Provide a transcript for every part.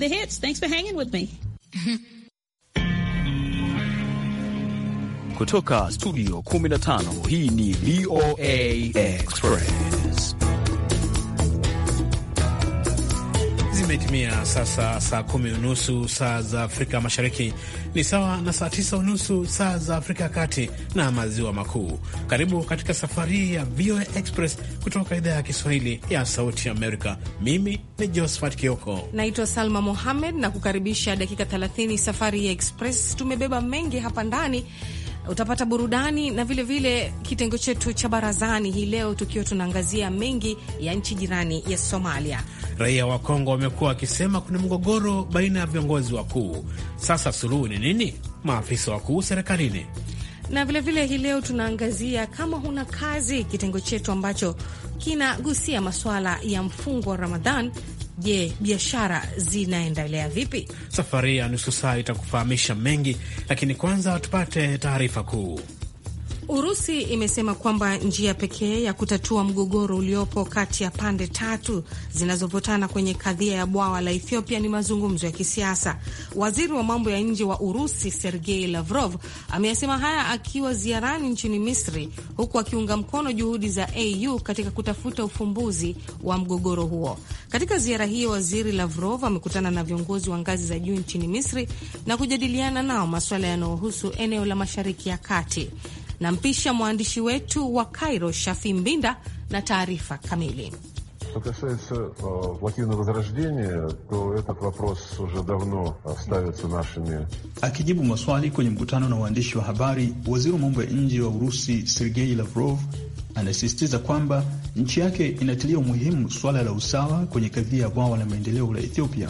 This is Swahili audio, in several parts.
the hits. Thanks for hanging with me. Kutoka studio 15 hii ni VOA Express. imetimia sasa saa kumi unusu saa za Afrika Mashariki, ni sawa na saa tisa unusu saa za Afrika ya Kati na Maziwa Makuu. Karibu katika safari hii ya VOA Express kutoka idhaa ya Kiswahili ya Sauti Amerika. Mimi ni Josephat Kioko, naitwa Salma Mohamed na kukaribisha dakika 30 safari ya Express. Tumebeba mengi hapa ndani utapata burudani na vilevile vile kitengo chetu cha barazani hii leo, tukiwa tunaangazia mengi ya nchi jirani ya Somalia. Raia wa Kongo wamekuwa wakisema kuna mgogoro baina ya viongozi wakuu. Sasa suluhu ni nini? Maafisa wakuu serikalini na vilevile hii leo tunaangazia kama huna kazi, kitengo chetu ambacho kinagusia masuala ya mfungo wa Ramadhan Je, biashara zinaendelea vipi? Safari ya nusu saa itakufahamisha mengi, lakini kwanza tupate taarifa kuu. Urusi imesema kwamba njia pekee ya kutatua mgogoro uliopo kati ya pande tatu zinazovutana kwenye kadhia ya bwawa la Ethiopia ni mazungumzo ya kisiasa. Waziri wa mambo ya nje wa Urusi Sergei Lavrov ameyasema haya akiwa ziarani nchini Misri, huku akiunga mkono juhudi za AU katika kutafuta ufumbuzi wa mgogoro huo. Katika ziara hiyo, waziri Lavrov amekutana na viongozi wa ngazi za juu nchini Misri na kujadiliana nao masuala yanayohusu eneo la Mashariki ya Kati. Nampisha mwandishi wetu wa Cairo, Shafi Mbinda, na taarifa kamili. E, e, Akijibu maswali kwenye mkutano na waandishi wa habari, waziri wa mambo ya nje wa Urusi Sergei Lavrov anasisitiza kwamba nchi yake inatilia umuhimu suala la usawa kwenye kadhia ya bwawa la maendeleo la Ethiopia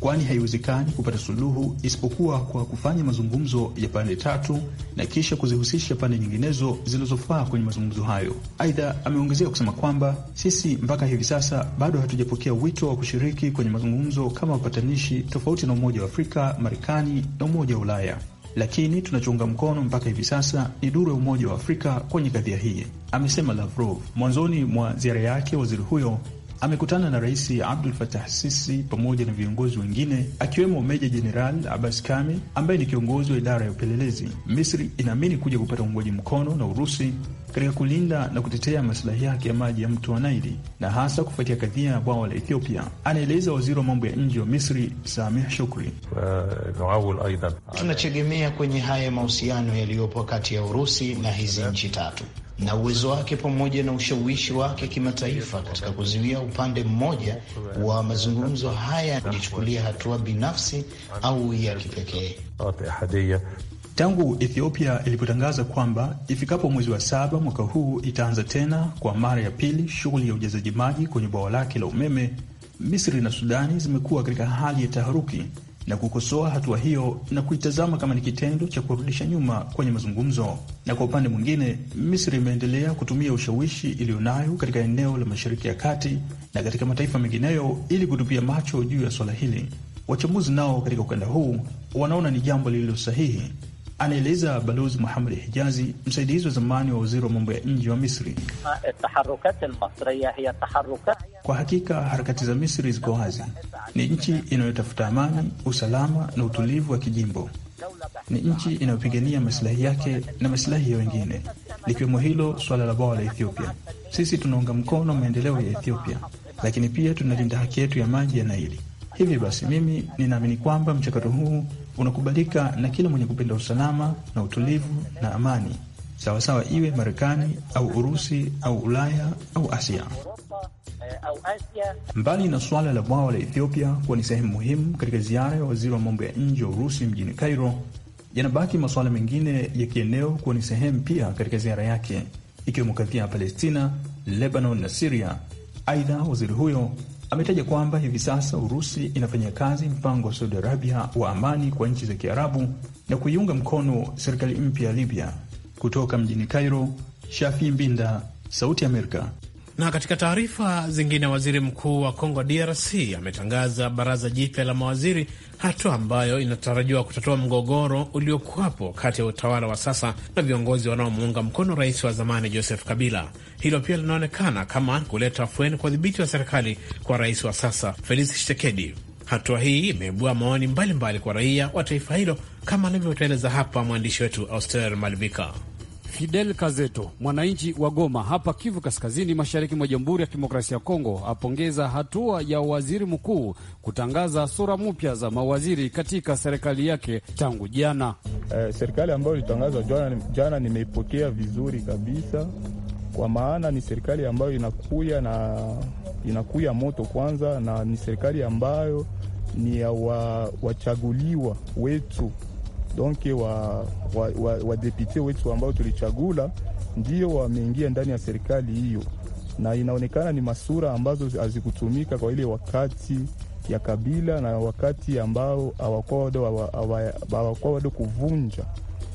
kwani haiwezekani kupata suluhu isipokuwa kwa kufanya mazungumzo ya pande tatu na kisha kuzihusisha pande nyinginezo zinazofaa kwenye mazungumzo hayo. Aidha, ameongezea kusema kwamba sisi mpaka hivi sasa bado hatujapokea wito wa kushiriki kwenye mazungumzo kama wapatanishi, tofauti na Umoja wa Afrika, Marekani na Umoja wa Ulaya lakini tunachounga mkono mpaka hivi sasa ni duru ya Umoja wa Afrika kwenye kadhia hii, amesema Lavrov. Mwanzoni mwa ziara yake, waziri huyo amekutana na Rais Abdul Fatah Sisi pamoja na viongozi wengine akiwemo Meja Jeneral Abbas Kami ambaye ni kiongozi wa idara ya upelelezi. Misri inaamini kuja kupata uungwaji mkono na Urusi katika kulinda na kutetea masilahi yake ya maji ya mto wa Naili na hasa kufuatia kadhia ya bwawa la Ethiopia, anaeleza waziri wa mambo ya nje wa Misri Samih Shukri. Tunachegemea kwenye haya mahusiano yaliyopo kati ya Urusi na hizi nchi tatu na uwezo wake pamoja na ushawishi wake kimataifa katika kuzuia upande mmoja wa mazungumzo haya kujichukulia hatua binafsi au ya kipekee. Tangu Ethiopia ilipotangaza kwamba ifikapo mwezi wa saba mwaka huu itaanza tena kwa mara ya pili shughuli ya ujazaji maji kwenye bwawa lake la umeme, Misri na Sudani zimekuwa katika hali ya taharuki na kukosoa hatua hiyo na kuitazama kama ni kitendo cha kurudisha nyuma kwenye mazungumzo. Na kwa upande mwingine, Misri imeendelea kutumia ushawishi iliyonayo katika eneo la Mashariki ya Kati na katika mataifa mengineyo ili kutupia macho juu ya swala hili. Wachambuzi nao katika ukanda huu wanaona ni jambo lililo sahihi anaeleza Balozi Muhamed Hijazi, msaidizi wa zamani wa waziri wa mambo ya nje wa Misri. Kwa hakika harakati za Misri ziko wazi, ni nchi inayotafuta amani, usalama na utulivu wa kijimbo ni nchi inayopigania masilahi yake na masilahi ya wengine, likiwemo hilo suala la bwawa la Ethiopia. Sisi tunaunga mkono maendeleo ya Ethiopia, lakini pia tunalinda haki yetu ya maji ya Naili. Hivyo basi, mimi ninaamini kwamba mchakato huu unakubalika na kila mwenye kupenda usalama na utulivu na amani, sawasawa iwe Marekani au Urusi au Ulaya au Asia. Mbali na suala la bwawa la Ethiopia kuwa ni sehemu muhimu katika ziara ya waziri wa mambo ya nje wa Urusi mjini Cairo, yanabaki masuala mengine ya kieneo kuwa ni sehemu pia katika ziara yake, ikiwemo kadhia ya Palestina, Lebanon na Siria. Aidha, waziri huyo ametaja kwamba hivi sasa Urusi inafanya kazi mpango wa Saudi Arabia wa amani kwa nchi za Kiarabu na kuiunga mkono serikali mpya ya Libya. Kutoka mjini Cairo, Shafi Mbinda, Sauti Amerika. Na katika taarifa zingine, waziri mkuu wa Kongo DRC ametangaza baraza jipya la mawaziri, hatua ambayo inatarajiwa kutatua mgogoro uliokuwapo kati ya utawala wa sasa na viongozi wanaomuunga mkono rais wa zamani Joseph Kabila. Hilo pia linaonekana kama kuleta afueni kwa udhibiti wa serikali kwa rais wa sasa Felix Tshisekedi. Hatua hii imeibua maoni mbalimbali kwa raia wa taifa hilo, kama anavyotueleza hapa mwandishi wetu Auster Malvika. Fidel Kazeto, mwananchi wa Goma hapa Kivu Kaskazini, mashariki mwa Jamhuri ya Kidemokrasia ya Kongo, apongeza hatua ya waziri mkuu kutangaza sura mpya za mawaziri katika serikali yake tangu jana. Eh, serikali ambayo ilitangazwa jana, jana nimeipokea vizuri kabisa, kwa maana ni serikali ambayo inakuya na inakuya moto kwanza, na ni serikali ambayo ni ya wa, wachaguliwa wetu donk wa, wa, wa, wa wetu ambao tulichagula ndio wameingia ndani ya serikali hiyo, na inaonekana ni masura ambazo hazikutumika kwa ile wakati ya Kabila na wakati ambao hawakuwa wado kuvunja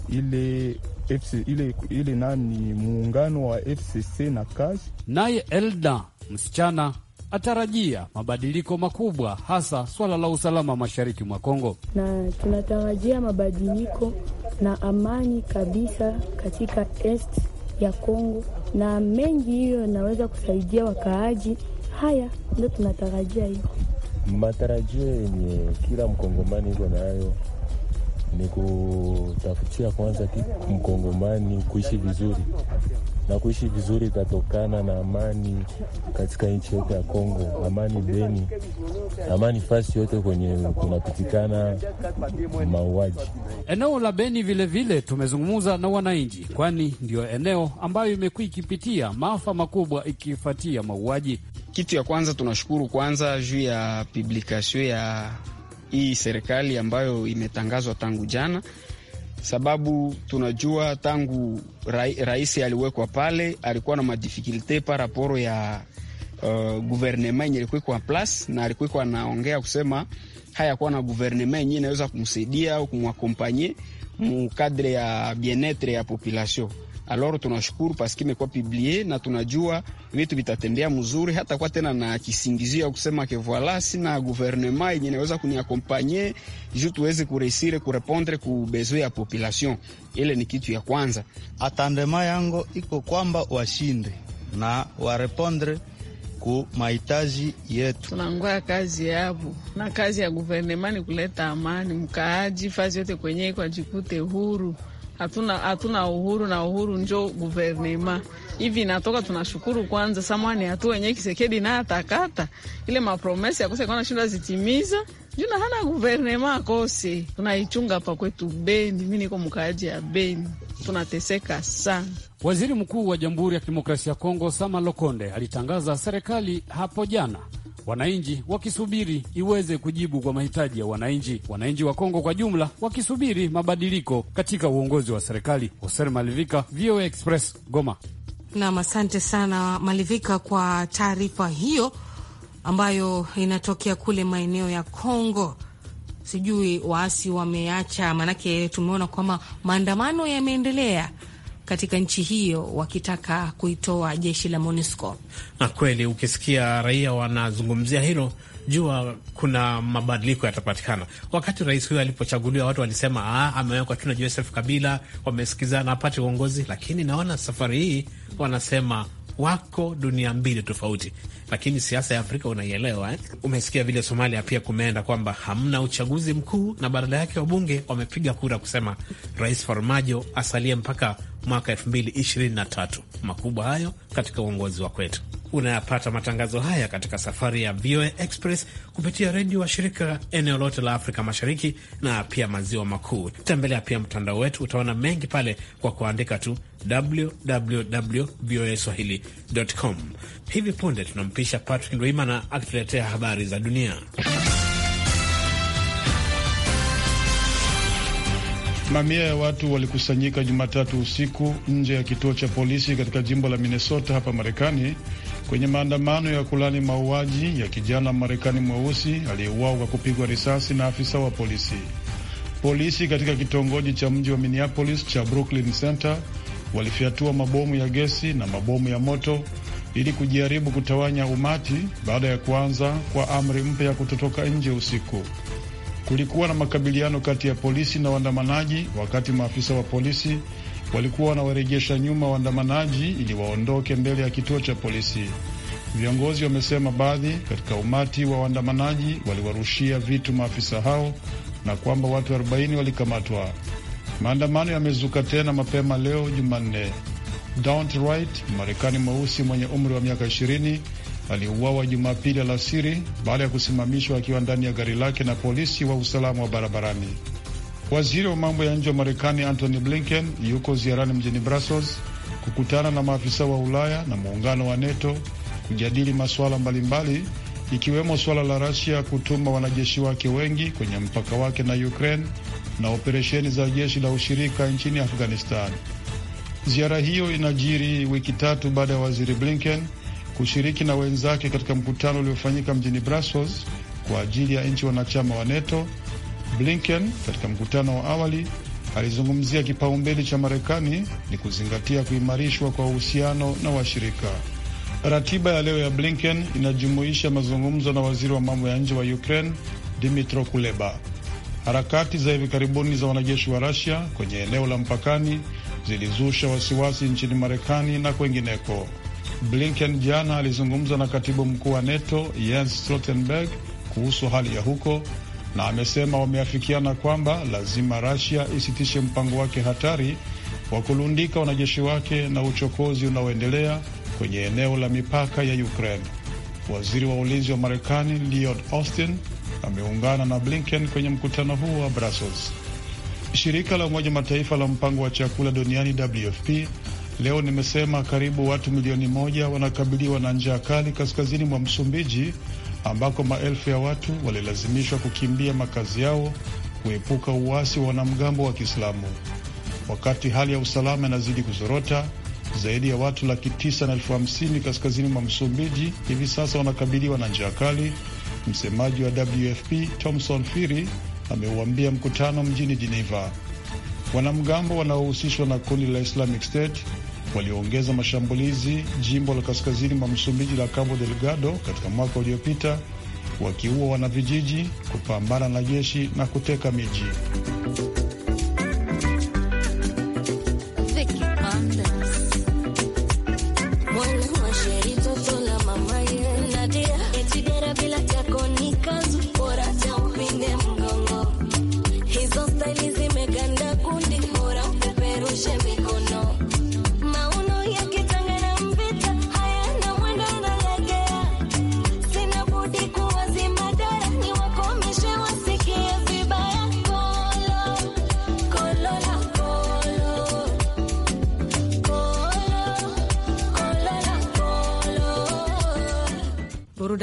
ile FC, ile, ile nani muungano wa FCC na kazi naye Elda msichana atarajia mabadiliko makubwa, hasa swala la usalama mashariki mwa Kongo. Na tunatarajia mabadiliko na amani kabisa katika est ya Kongo, na mengi hiyo inaweza kusaidia wakaaji. Haya ndio tunatarajia hiyo, matarajio yenye kila mkongomani iko nayo ni kutafutia kwanza mkongomani kuishi vizuri na kuishi vizuri itatokana na amani katika nchi yote ya Kongo, amani Beni, amani fasi yote kwenye kunapitikana mauaji eneo la Beni. Vilevile tumezungumza na wananchi, kwani ndio eneo ambayo imekuwa ikipitia maafa makubwa ikifuatia mauaji. Kitu ya kwanza tunashukuru kwanza juu ya publikasio ya hii serikali ambayo imetangazwa tangu jana, sababu tunajua tangu rais aliwekwa pale alikuwa na madifikulte raporo ya uh, guvernema yenye ilikuikwa plas na alikuikwa anaongea kusema hayakuwa na guvernema yenye inaweza kumsaidia au kumwakompanye mukadre ya bienetre ya population alor tunashukuru paski imekuwa publie na tunajua vitu vitatembea mzuri, hata kwa tena na kisingizio ya kusema ke voila, sina guvernema yenye naweza kuniakompanye juu tuweze kuresire kurepondre ku bezwe ya population. Ile ni kitu ya kwanza. Atandema yango iko kwamba washinde na warepondre ku mahitaji yetu. Tunangoya kazi yavo na kazi ya guvernema ni kuleta amani mkaaji fazi yote kwenye ikajikute huru hatuna hatuna uhuru na uhuru njo guvernema hivi natoka Tunashukuru kwanza samani hatu wenye Kisekedi naye atakata ile mapromesi yakose kana shinda zitimiza juna hana guvernema kose Tunaichunga pa kwetu Beni, mi niko mkaaji ya Beni, tunateseka sana. Waziri Mkuu wa Jamhuri ya Kidemokrasia ya Kongo Sama Lokonde alitangaza serikali hapo jana wananchi wakisubiri iweze kujibu kwa mahitaji ya wananchi, wananchi wa Kongo kwa jumla wakisubiri mabadiliko katika uongozi wa serikali. Hoser Malivika, VOA Express, Goma. Nam, asante sana Malivika kwa taarifa hiyo ambayo inatokea kule maeneo ya Kongo. Sijui waasi wameacha, maanake tumeona kwamba maandamano yameendelea katika nchi hiyo wakitaka kuitoa jeshi la MONUSCO. Na kweli ukisikia raia wanazungumzia hilo, jua kuna mabadiliko yatapatikana. Wakati rais huyo alipochaguliwa, watu walisema ah, amewekwa tu na Joseph Kabila, wamesikizana apate uongozi, lakini naona safari hii wanasema wako dunia mbili tofauti, lakini siasa ya Afrika unaielewa eh? Umesikia vile Somalia pia kumeenda kwamba hamna uchaguzi mkuu, na badala yake wabunge wamepiga kura kusema Rais Farmajo asalie mpaka mwaka 2023. Makubwa hayo katika uongozi wa kwetu. Unayapata matangazo haya katika safari ya VOA Express kupitia redio wa shirika eneo lote la Afrika Mashariki na pia maziwa makuu. Tembelea pia mtandao wetu, utaona mengi pale kwa kuandika tu www voa swahili.com. Hivi punde tunampisha Patrick Ndwimana akituletea habari za dunia. Mamia ya watu walikusanyika Jumatatu usiku nje ya kituo cha polisi katika jimbo la Minnesota hapa Marekani kwenye maandamano ya kulani mauaji ya kijana Marekani mweusi aliyeuawa kwa kupigwa risasi na afisa wa polisi. Polisi katika kitongoji cha mji wa Minneapolis cha Brooklyn Center walifyatua mabomu ya gesi na mabomu ya moto ili kujaribu kutawanya umati baada ya kuanza kwa amri mpya ya kutotoka nje usiku kulikuwa na makabiliano kati ya polisi na waandamanaji, wakati maafisa wa polisi walikuwa wanawarejesha nyuma waandamanaji ili waondoke mbele ya kituo cha polisi. Viongozi wamesema baadhi katika umati wa waandamanaji waliwarushia vitu maafisa hao na kwamba watu 40 walikamatwa. Maandamano yamezuka tena mapema leo Jumanne. Daunte Wright, Marekani mweusi mwenye umri wa miaka ishirini aliyeuawa Jumapili alasiri baada ya kusimamishwa akiwa ndani ya gari lake na polisi wa usalama wa barabarani. Waziri wa mambo ya nje wa Marekani Antony Blinken yuko ziarani mjini Brussels kukutana na maafisa wa Ulaya na muungano wa NATO kujadili masuala mbalimbali ikiwemo suala la Rasia kutuma wanajeshi wake wengi kwenye mpaka wake na Ukraine na operesheni za jeshi la ushirika nchini Afghanistan. Ziara hiyo inajiri wiki tatu baada ya waziri Blinken kushiriki na wenzake katika mkutano uliofanyika mjini Brussels kwa ajili ya nchi wanachama wa NATO. Blinken katika mkutano wa awali alizungumzia kipaumbele cha Marekani ni kuzingatia kuimarishwa kwa uhusiano na washirika. Ratiba ya leo ya Blinken inajumuisha mazungumzo na waziri wa mambo ya nje wa Ukraine Dimitro Kuleba. Harakati za hivi karibuni za wanajeshi wa Russia kwenye eneo la mpakani zilizusha wasiwasi nchini Marekani na kwengineko. Blinken jana alizungumza na katibu mkuu wa NATO Jens Stoltenberg kuhusu hali ya huko na amesema wameafikiana kwamba lazima Russia isitishe mpango wake hatari wa kulundika wanajeshi wake na uchokozi unaoendelea kwenye eneo la mipaka ya Ukraine. Waziri wa ulinzi wa Marekani Lloyd Austin ameungana na Blinken kwenye mkutano huo wa Brussels. Shirika la Umoja Mataifa la mpango wa chakula duniani WFP Leo nimesema karibu watu milioni moja wanakabiliwa na njaa kali kaskazini mwa Msumbiji, ambako maelfu ya watu walilazimishwa kukimbia makazi yao kuepuka uasi wa wanamgambo wa Kiislamu. Wakati hali ya usalama inazidi kuzorota, zaidi ya watu laki tisa na elfu hamsini kaskazini mwa Msumbiji hivi sasa wanakabiliwa na njaa kali. Msemaji wa WFP Thomson Firi ameuambia mkutano mjini jineva wanamgambo wanaohusishwa na kundi la Islamic State walioongeza mashambulizi jimbo la kaskazini mwa Msumbiji la Cabo Delgado katika mwaka uliopita, wakiua wanavijiji, kupambana na jeshi na kuteka miji.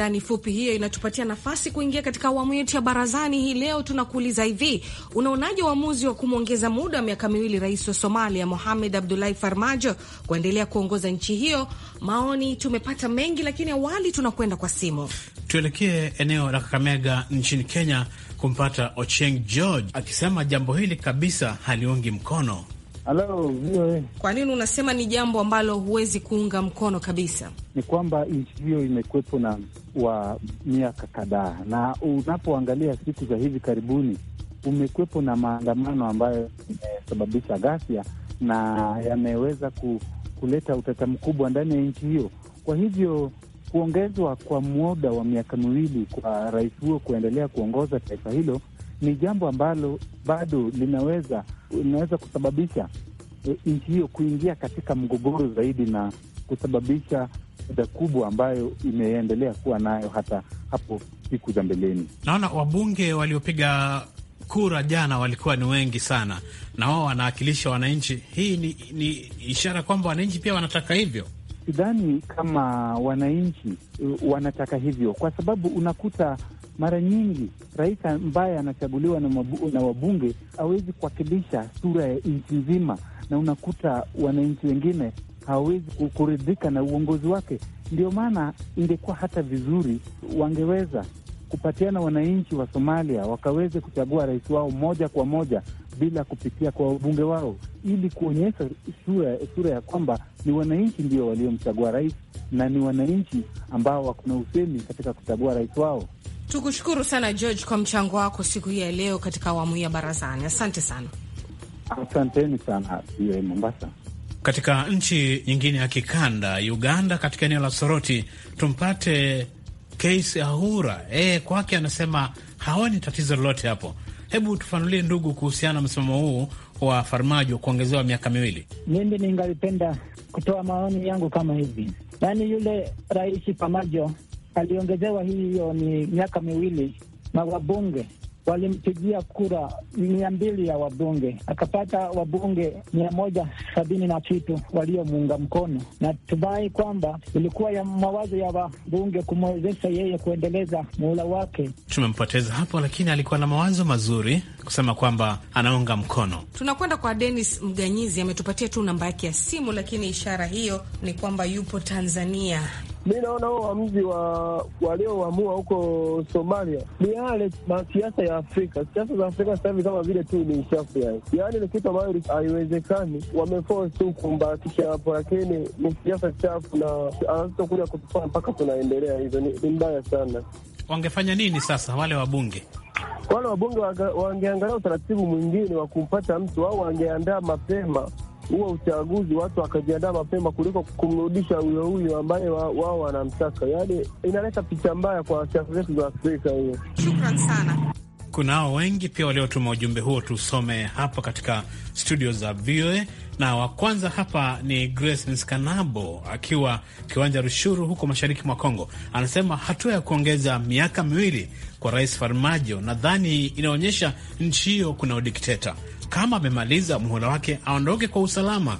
undani fupi hiyo inatupatia nafasi kuingia katika awamu yetu ya barazani hii leo. Tunakuuliza hivi, unaonaje uamuzi wa kumwongeza muda wa miaka miwili rais wa Somalia Mohamed Abdullahi Farmajo kuendelea kuongoza nchi hiyo? Maoni tumepata mengi, lakini awali tunakwenda kwa simu. Tuelekee eneo la Kakamega nchini Kenya kumpata Ocheng George akisema jambo hili kabisa haliungi mkono. Halo, Kwa nini unasema ni jambo ambalo huwezi kuunga mkono kabisa? Ni kwamba nchi hiyo imekwepo na wa miaka kadhaa, na unapoangalia siku za hivi karibuni umekwepo na maandamano ambayo imesababisha ghasia na yameweza ku, kuleta utata mkubwa ndani ya nchi hiyo. Kwa hivyo kuongezwa kwa muda wa miaka miwili kwa rais huo kuendelea kuongoza taifa hilo ni jambo ambalo bado linaweza linaweza kusababisha e, nchi hiyo kuingia katika mgogoro zaidi na kusababisha shida kubwa ambayo imeendelea kuwa nayo hata hapo siku za mbeleni. Naona wabunge waliopiga kura jana walikuwa ni wengi sana, na wao wanawakilisha wananchi. Hii ni, ni ishara kwamba wananchi pia wanataka hivyo. Sidhani kama wananchi e, wanataka hivyo, kwa sababu unakuta mara nyingi rais ambaye anachaguliwa na, na wabunge awezi kuwakilisha sura ya nchi nzima, na unakuta wananchi wengine hawawezi kuridhika na uongozi wake. Ndio maana ingekuwa hata vizuri wangeweza kupatiana wananchi wa Somalia wakaweze kuchagua rais wao moja kwa moja bila kupitia kwa wabunge wao, ili kuonyesha sura, sura ya kwamba ni wananchi ndio waliomchagua rais na ni wananchi ambao wako na usemi katika kuchagua rais wao. Tukushukuru sana George kwa mchango wako siku hii ya leo katika awamu hii ya barazani. Asante sana. Asanteni sana VOA Mombasa. Katika nchi nyingine ya kikanda Uganda, katika eneo la Soroti, tumpate Case Ahura. E, kwake anasema haoni tatizo lolote hapo. Hebu tufanulie ndugu, kuhusiana na msimamo huu wa Farmajo kuongezewa miaka miwili. Mimi ningalipenda kutoa maoni yangu kama hivi, yaani yule Rais Farmajo aliongezewa hiyo ni miaka miwili, na wabunge walimpigia kura mia mbili ya wabunge, akapata wabunge mia moja sabini na kitu waliomuunga mkono. Natumai kwamba ilikuwa ya mawazo ya wabunge kumwezesha yeye kuendeleza muhula wake. Tumempoteza hapo, lakini alikuwa na mawazo mazuri kusema kwamba anaunga mkono. Tunakwenda kwa denis Mganyizi, ametupatia tu namba yake ya simu, lakini ishara hiyo ni kwamba yupo Tanzania mi naona huo uamuzi wa walioamua huko Somalia ni yale siasa ya Afrika. Siasa za Afrika sasa hivi kama vile tu ni uchafu, yani yani ni kitu ambayo haiwezekani. Wameforce kukumbatisha hapo, lakini ni siasa chafu na anazokuja kutufaa mpaka tunaendelea hivyo, ni mbaya sana. Wangefanya nini sasa wale wabunge? Wale wabunge wangeangalia utaratibu mwingine wa kumpata mtu au wangeandaa mapema huo uchaguzi watu wakajiandaa mapema kuliko kumrudisha huyo huyo ambaye wao wanamtaka. yani inaleta picha mbaya kwa siasa zetu za Afrika hiyo. Shukran sana. Kunao wengi pia waliotuma ujumbe huo, tusome hapa katika studio za VOA na wa kwanza hapa ni Grace Nskanabo akiwa kiwanja Rushuru huko mashariki mwa Kongo. Anasema hatua ya kuongeza miaka miwili kwa Rais Farmajo nadhani inaonyesha nchi hiyo kuna udikteta kama amemaliza muhula wake aondoke kwa usalama.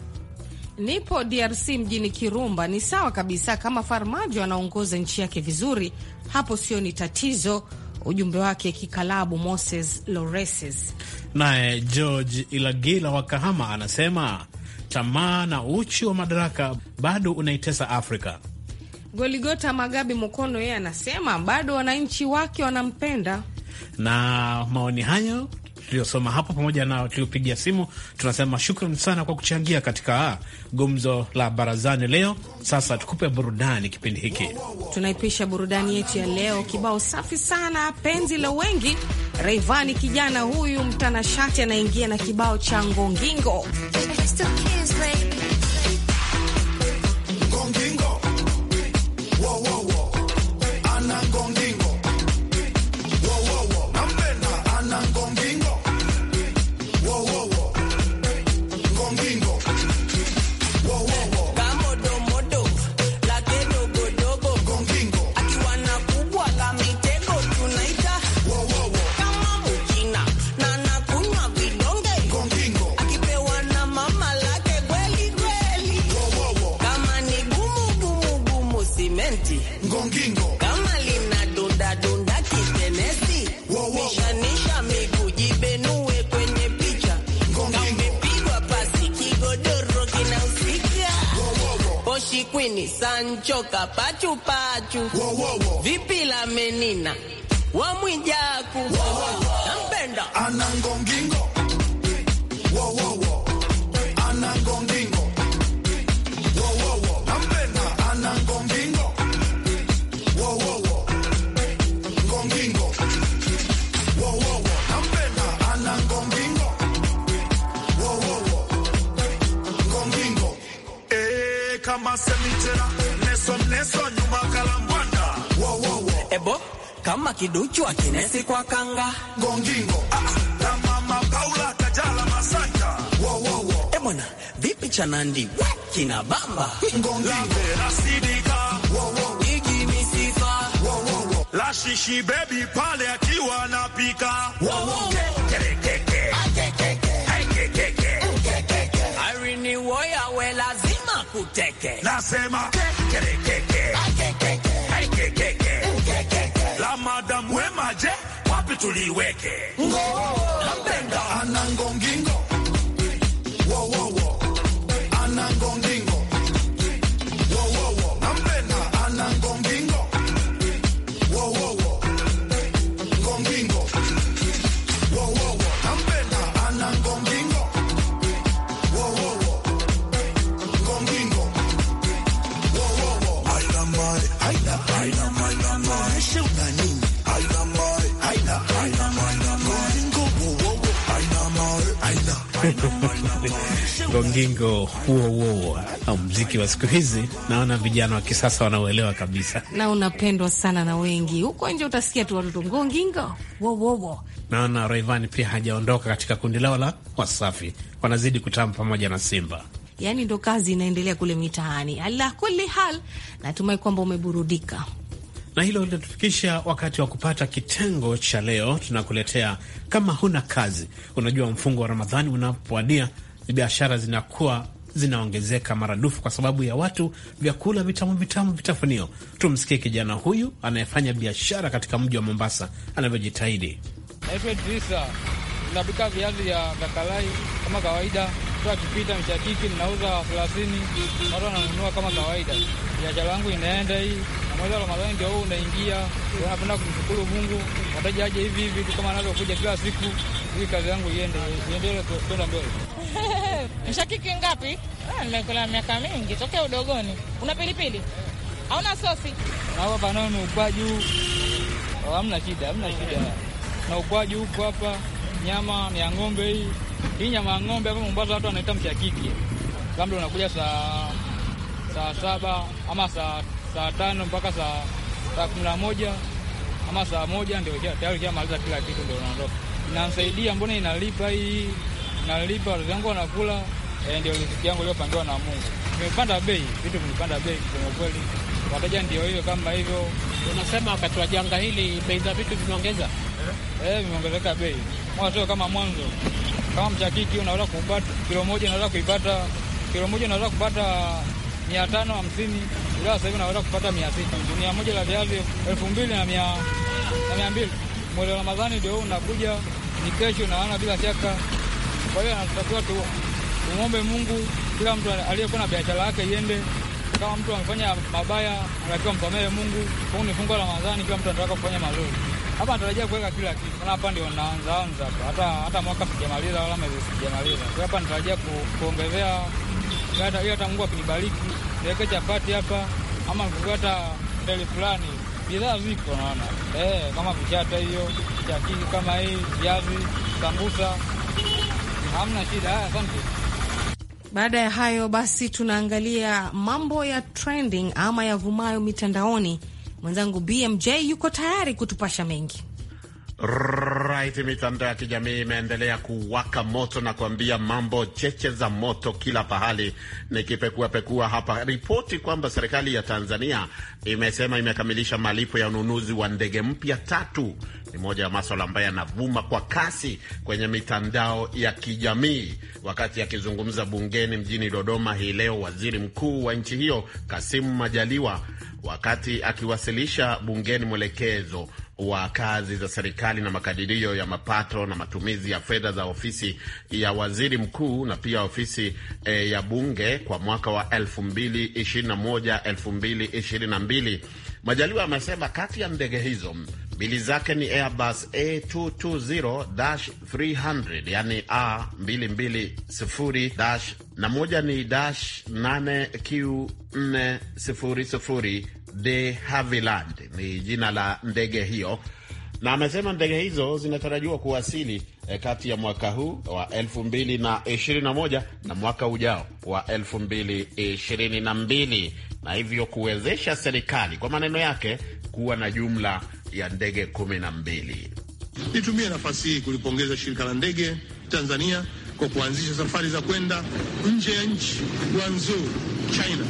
Nipo DRC mjini Kirumba, ni sawa kabisa. Kama Farmajo anaongoza nchi yake vizuri, hapo sio ni tatizo. Ujumbe wake kikalabu Moses Loreses. Naye George Ilagila wa Kahama anasema tamaa na uchi wa madaraka bado unaitesa Afrika. Goligota Magabi Mokono yeye anasema bado wananchi wake wanampenda. Na maoni hayo tuliosoma hapo pamoja na tuliopigia simu, tunasema shukran sana kwa kuchangia katika gumzo la barazani leo. Sasa tukupe burudani kipindi hiki, tunaipisha burudani yetu ya leo, kibao safi sana, penzi la wengi, Rayvanny. Kijana huyu mtanashati anaingia na kibao cha ngongingo ngongingo kama lina dunda dunda kipenesi mishanisha miguu jibenue kwenye picha kamepigwa pasi kigodoro kinahusika poshi kwini Sancho kapachupachu vipi la menina wamwijaku nampenda ana ngongingo nyuma wo wo wo ebo kama kiduchu akinesi kwa kanga gongingo ah, na mama Paula Kajala masanja wo wo wo ebona eh, vipi chanandi Nandi kina bamba gongingo rasidika wo wo igi misifa wo wo wo la shishi baby pale akiwa anapika wo wo kere Irene Woya we lazima kuteke nasema kere wapi tuliweke gongingo huo huo na mziki wa siku hizi, naona vijana wa kisasa wanauelewa kabisa na unapendwa sana na wengi. Huko nje utasikia tu watoto gongingo wo wo wo. Naona Rayvanny pia hajaondoka katika kundi lao la Wasafi, wanazidi kutamba pamoja na Simba. Yaani ndo kazi inaendelea kule mitaani. Ala kulli hal, natumai kwamba umeburudika na hilo linatufikisha wakati wa kupata kitengo cha leo. Tunakuletea kama huna kazi. Unajua, mfungo wa Ramadhani unapowadia biashara zinakuwa zinaongezeka maradufu kwa sababu ya watu vyakula vitamu vitamu vitafunio. Tumsikie kijana huyu anayefanya biashara katika mji wa Mombasa anavyojitahidi tunapika viazi vya kakalai kama kawaida, mtu akipita mshakiki, ninauza thelathini, watu wananunua kama kawaida. Biashara yangu inaenda hii na mwezi wa Ramadhani ndio huu unaingia. Napenda kumshukuru Mungu, wateja aje hivi hivi tu kama anavyokuja kila siku, hii kazi yangu iende iendelee kwenda mbele. Mshakiki ngapi? Ah, nimekula miaka mingi tokea udogoni. Una pilipili? Hauna sosi? Hapa panao ni ukwaju, hamna shida, hamna shida na ukwaju huko hapa nyama ya ng'ombe hii hii nyama ya ng'ombe kama Mombasa watu wanaita mshakiki, labda unakuja saa saa saba ama saa saa tano mpaka saa saa kumi na moja ama saa moja ndio tayari kishamaliza kila kitu, ndio unaondoka. Inasaidia, mbona inalipa hii, inalipa wazazi wangu wanakula. Eh, ndio riziki yangu iliyopangiwa na Mungu. Imepanda bei, vitu vimepanda bei kusema kweli, wateja ndio hivyo, kama hivyo. Unasema wakati wa janga hili bei za vitu vimeongeza eh, imeongezeka bei. Mwanzo kama mwanzo kama mchakiki unaweza kupata kilo moja, unaweza kuipata kilo moja, unaweza kupata mia tano hamsini ila sasa hivi unaweza kupata mia sita gunia moja la viazi elfu mbili na mia mbili Mwezi wa Ramadhani ndio unakuja ni kesho, naana bila shaka. Kwa hiyo anatakiwa tu tumwombe Mungu, kila mtu aliyekuwa na biashara yake iende. Kama mtu amefanya mabaya, anatakiwa msamehe Mungu. kwa ni fungu la Ramadhani, kila mtu anataka kufanya mazuri hapa natarajia kuweka kila kitu, maana hapa ndio naanza anza hapa, hata hata mwaka sijamaliza wala mwezi sijamaliza. Kwa hapa natarajia ku, kuongezea hata hiyo, hata Mungu akinibariki niweke chapati hapa ama hata deli fulani, bidhaa ziko naona eh, kama vichata hiyo chakiki kama hii viazi, sambusa, hamna shida. Haya, asante. Baada ya hayo basi, tunaangalia mambo ya trending ama yavumayo mitandaoni Mwenzangu BMJ yuko tayari kutupasha mengi. Right, mitandao ya kijamii imeendelea kuwaka moto na kuambia mambo cheche za moto kila pahali. Nikipekuapekua hapa, ripoti kwamba serikali ya Tanzania imesema imekamilisha malipo ya ununuzi wa ndege mpya tatu ni moja ya maswala ambayo yanavuma kwa kasi kwenye mitandao ya kijamii. Wakati akizungumza bungeni mjini Dodoma hii leo, waziri mkuu wa nchi hiyo Kasimu Majaliwa wakati akiwasilisha bungeni mwelekezo wa kazi za serikali na makadirio ya mapato na matumizi ya fedha za ofisi ya waziri mkuu na pia ofisi e, ya bunge kwa mwaka wa 2021 2022, Majaliwa amesema kati ya ndege hizo mbili zake ni Airbus A220-300 yani A220 na moja ni dash 8Q400 de Havilland ni jina la ndege hiyo, na amesema ndege hizo zinatarajiwa kuwasili eh, kati ya mwaka huu wa 2021 na mwaka ujao wa 2022 na hivyo kuwezesha serikali, kwa maneno yake, kuwa na jumla ya ndege 12. Nitumie nafasi hii kulipongeza shirika la ndege Tanzania kwa kuanzisha safari za kwenda nje ya nchi Guangzhou, China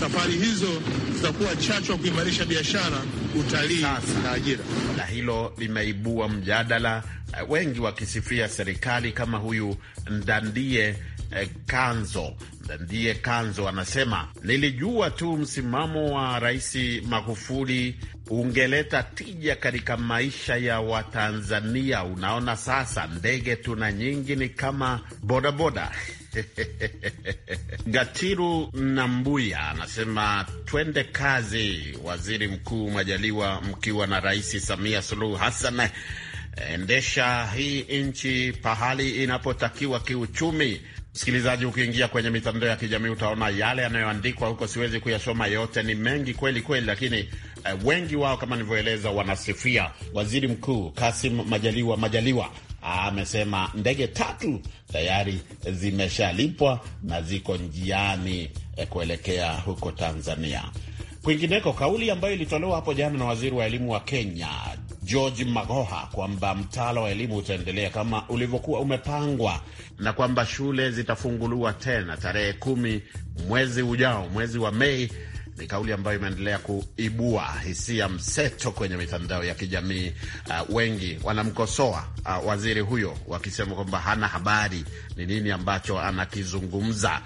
Safari hizo zitakuwa chachu wa kuimarisha biashara, utalii na ajira. Na hilo limeibua mjadala, eh, wengi wakisifia serikali kama huyu Ndandie eh, Kanzo Ndandie Kanzo anasema nilijua tu msimamo wa Rais Magufuli ungeleta tija katika maisha ya Watanzania. Unaona sasa ndege tuna nyingi, ni kama bodaboda Gatiru Nambuya anasema twende kazi, Waziri Mkuu Majaliwa, mkiwa na Rais Samia Suluhu Hassan, endesha hii nchi pahali inapotakiwa kiuchumi. Msikilizaji, ukiingia kwenye mitandao ya kijamii utaona yale yanayoandikwa huko. Siwezi kuyasoma yote, ni mengi kweli kweli, lakini eh, wengi wao kama nilivyoeleza wanasifia waziri mkuu Kasim Majaliwa Majaliwa amesema ndege tatu tayari zimeshalipwa na ziko njiani e, kuelekea huko Tanzania. Kwingineko, kauli ambayo ilitolewa hapo jana na waziri wa elimu wa Kenya George Magoha kwamba mtaala wa elimu utaendelea kama ulivyokuwa umepangwa na kwamba shule zitafunguliwa tena tarehe kumi mwezi ujao, mwezi wa Mei ni kauli ambayo imeendelea kuibua hisia mseto kwenye mitandao ya kijamii. Uh, wengi wanamkosoa uh, waziri huyo wakisema kwamba hana habari ni nini ambacho anakizungumza.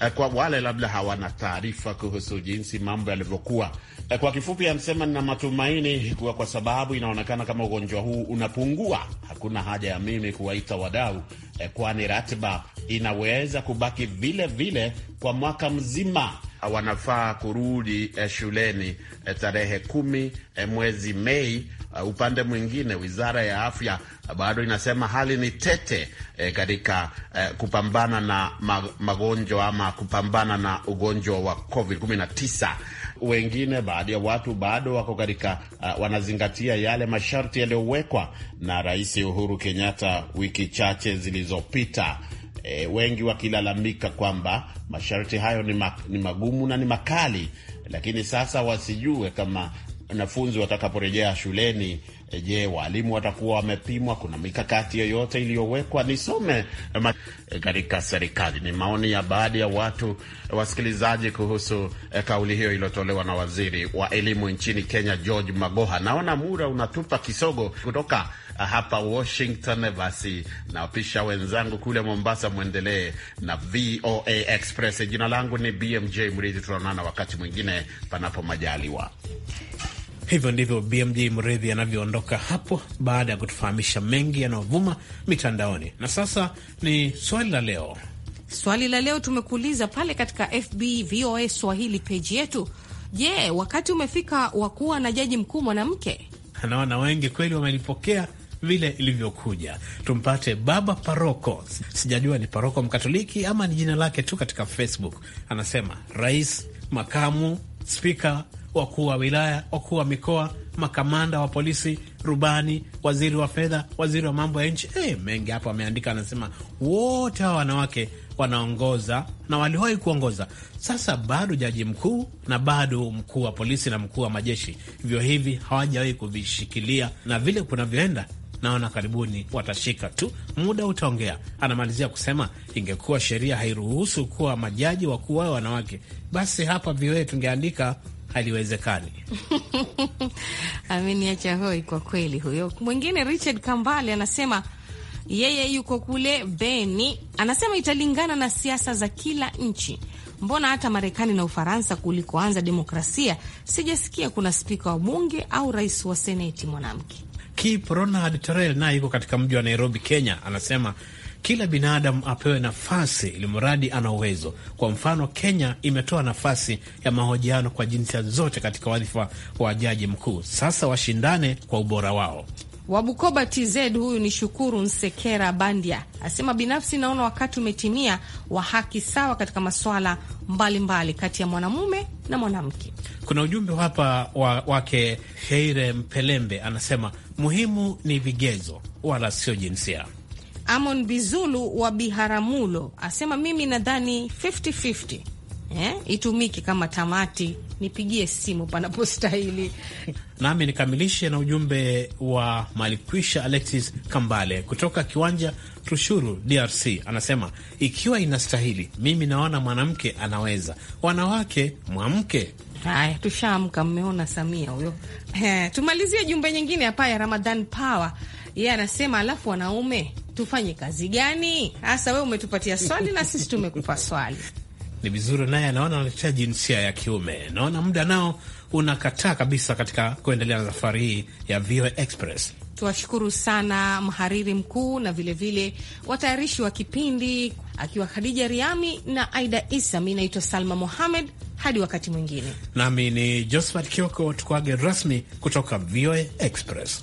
Uh, kwa wale labda hawana taarifa kuhusu jinsi mambo yalivyokuwa, uh, kwa kifupi anasema nina matumaini kuwa kwa sababu inaonekana kama ugonjwa huu unapungua, hakuna haja ya mimi kuwaita wadau, uh, kwani ratiba inaweza kubaki vile vile kwa mwaka mzima Eh, wanafaa kurudi eh, shuleni eh, tarehe kumi eh, mwezi Mei. Uh, upande mwingine wizara ya afya uh, bado inasema hali ni tete eh, katika eh, kupambana na magonjwa ama kupambana na ugonjwa wa COVID-19. Wengine baadhi ya watu bado wako katika uh, wanazingatia yale masharti yaliyowekwa na Rais Uhuru Kenyatta wiki chache zilizopita e, wengi wakilalamika kwamba masharti hayo ni, ma, ni magumu na ni makali, lakini sasa wasijue kama wanafunzi watakaporejea shuleni E, je, waalimu watakuwa wamepimwa? Kuna mikakati yoyote iliyowekwa? Nisome e, e, katika serikali. Ni maoni ya baadhi ya watu wasikilizaji kuhusu kauli hiyo iliyotolewa na waziri wa elimu nchini Kenya, George Magoha. Naona muda unatupa kisogo kutoka hapa Washington. Basi nawapisha wenzangu kule Mombasa, mwendelee na VOA Express. Jina langu ni BMJ Mridhi. Tunaonana wakati mwingine, panapo majaliwa. Hivyo ndivyo BMJ Mredhi anavyoondoka hapo baada ya kutufahamisha mengi yanayovuma mitandaoni. Na sasa ni swali la leo. Swali la leo tumekuuliza pale katika FB VOA Swahili peji yetu. Je, wakati umefika wa kuwa na jaji mkuu mwanamke? anaona wengi kweli wamelipokea vile ilivyokuja. Tumpate baba paroko, sijajua ni paroko Mkatoliki ama ni jina lake tu katika Facebook. Anasema rais, makamu, spika wakuu wa wilaya, wakuu wa mikoa, makamanda wa polisi, rubani, waziri wa fedha, waziri wa mambo ya nchi. Hey, eh, mengi hapa wameandika, anasema wote hawa wanawake wanaongoza na waliwahi kuongoza. Sasa bado jaji mkuu na bado mkuu wa polisi na mkuu wa majeshi, vyo hivi hawajawahi kuvishikilia, na vile kunavyoenda naona karibuni watashika tu, muda utaongea. Anamalizia kusema ingekuwa sheria hairuhusu kuwa majaji wakuu wao wanawake, basi hapa vioe tungeandika haliwezekani. Ameniacha hoi kwa kweli huyo. Mwingine Richard Kambale anasema yeye yuko kule Beni, anasema italingana na siasa za kila nchi. Mbona hata Marekani na Ufaransa kulikoanza demokrasia sijasikia kuna spika wa bunge au rais wa seneti mwanamke. Kip Ronald Terrell naye yuko katika mji wa Nairobi, Kenya, anasema kila binadamu apewe nafasi, ili mradi ana uwezo. Kwa mfano, Kenya imetoa nafasi ya mahojiano kwa jinsia zote katika wadhifa wa jaji mkuu. Sasa washindane kwa ubora wao. Wabukoba TZ huyu ni Shukuru Nsekera Bandia asema binafsi, naona wakati umetimia wa haki sawa katika masuala mbalimbali kati ya mwanamume na mwanamke. Kuna ujumbe hapa wa, wake Heire Mpelembe anasema muhimu ni vigezo wala sio jinsia. Amon Bizulu wa Biharamulo asema mimi nadhani 50-50 eh, itumike kama tamati. Nipigie simu panapostahili. Nami nikamilishe na ujumbe wa Malikwisha Alexis Kambale kutoka kiwanja trushuru DRC. Anasema ikiwa inastahili, mimi naona mwanamke anaweza, wanawake mwamke. Haya, tushaamka. Mmeona Samia huyo. Tumalizie jumbe nyingine hapa ya Ramadan Power yeye yeah, anasema alafu wanaume tufanye kazi gani hasa? We umetupatia swali na sisi tumekupa swali. Ni vizuri naye anaona anatetea jinsia ya kiume. Naona muda nao unakataa kabisa katika kuendelea na safari hii ya VOA Express. Tuwashukuru sana mhariri mkuu na vilevile watayarishi wa kipindi akiwa Khadija Riami na Aida Isa. Mi naitwa Salma Mohamed, hadi wakati mwingine. Nami ni Josephat Kioko, tukuage rasmi kutoka VOA Express.